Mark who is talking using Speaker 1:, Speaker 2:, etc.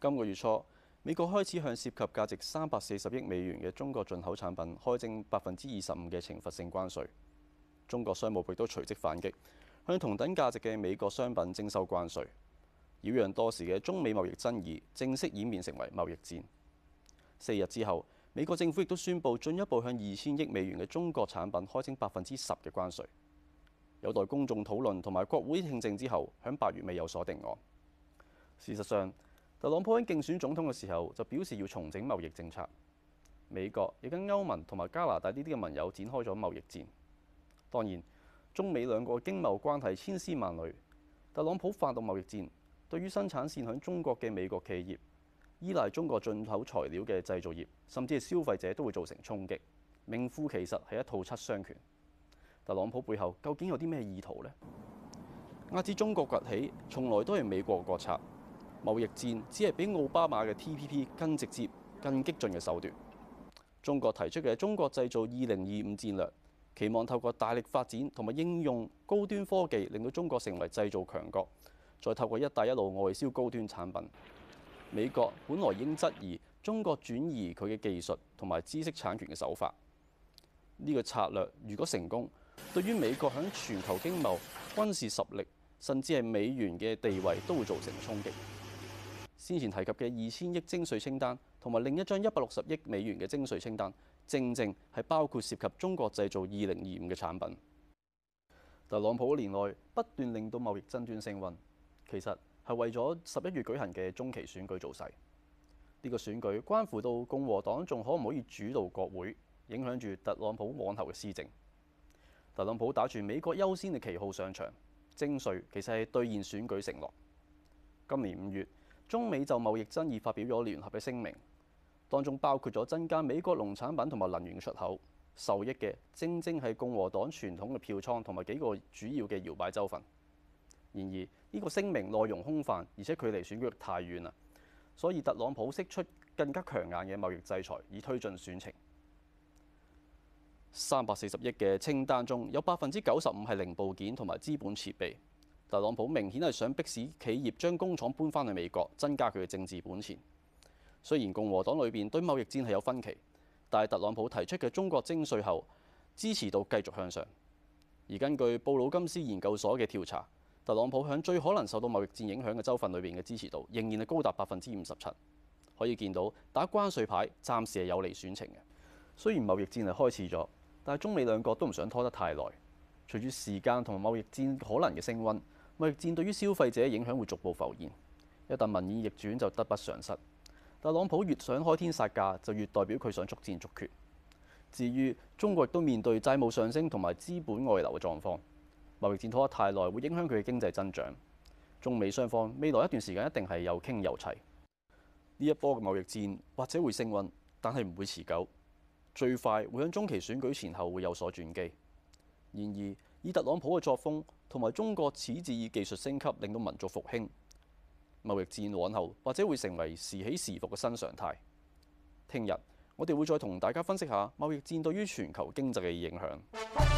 Speaker 1: 今個月初，美國開始向涉及價值三百四十億美元嘅中國進口產品開徵百分之二十五嘅懲罰性關稅。中國商務部都隨即反擊，向同等價值嘅美國商品徵收關稅。擾攘多時嘅中美貿易爭議正式演變成為貿易戰。四日之後，美國政府亦都宣布進一步向二千億美元嘅中國產品開徵百分之十嘅關稅，有待公眾討論同埋國會聽證之後，響八月尾有所定案。事實上，特朗普喺競選總統嘅時候就表示要重整貿易政策。美國亦跟歐盟同埋加拿大呢啲嘅盟友展開咗貿易戰。當然，中美兩國經貿關係千絲萬縷。特朗普發動貿易戰，對於生產線響中國嘅美國企業，依賴中國進口材料嘅製造業，甚至係消費者都會造成衝擊，名副其實係一套七傷拳。但特朗普背後究竟有啲咩意圖呢？壓制中國崛起，從來都係美國嘅國策。貿易戰只係比奧巴馬嘅 TPP 更直接、更激進嘅手段。中國提出嘅《中國製造二零二五戰略》，期望透過大力發展同埋應用高端科技，令到中國成為製造強國，再透過一帶一路外銷高端產品。美國本來應質疑中國轉移佢嘅技術同埋知識產權嘅手法。呢個策略如果成功，對於美國喺全球經貿、軍事實力甚至係美元嘅地位都會造成衝擊。先前提及嘅二千億徵稅清單同埋另一張一百六十億美元嘅徵稅清單，正正係包括涉及中國製造二零二五嘅產品。特朗普一年內不斷令到貿易爭端升溫，其實，係為咗十一月舉行嘅中期選舉造勢，呢個選舉關乎到共和黨仲可唔可以主導國會，影響住特朗普往後嘅施政。特朗普打住美國優先嘅旗號上場，徵稅其實係兌現選舉承諾。今年五月，中美就貿易爭議發表咗聯合嘅聲明，當中包括咗增加美國農產品同埋能源出口受益嘅，正正係共和黨傳統嘅票倉同埋幾個主要嘅搖擺州份。然而，呢個聲明內容空泛，而且距離選舉太遠啦。所以特朗普釋出更加強硬嘅貿易制裁，以推進選情。三百四十億嘅清單中有百分之九十五係零部件同埋資本設備。特朗普明顯係想迫使企業將工廠搬翻去美國，增加佢嘅政治本錢。雖然共和黨裏邊對貿易戰係有分歧，但係特朗普提出嘅中國徵稅後，支持度繼續向上。而根據布魯金斯研究所嘅調查，特朗普喺最可能受到貿易戰影響嘅州份裏邊嘅支持度仍然係高達百分之五十七，可以見到打關稅牌暫時係有利選情嘅。雖然貿易戰係開始咗，但係中美兩國都唔想拖得太耐。隨住時間同貿易戰可能嘅升温，貿易戰對於消費者嘅影響會逐步浮現。一旦民意逆轉就得不償失。特朗普越想開天殺價，就越代表佢想逐戰逐決。至於中國亦都面對債務上升同埋資本外流嘅狀況。貿易戰拖得太耐，會影響佢嘅經濟增長。中美雙方未來一段時間一定係又傾又齊。呢一波嘅貿易戰或者會升溫，但係唔會持久。最快會喺中期選舉前後會有所轉機。然而，以特朗普嘅作風同埋中國矢志以技術升級令到民族復興，貿易戰往後或者會成為時起時伏嘅新常態。聽日我哋會再同大家分析下貿易戰對於全球經濟嘅影響。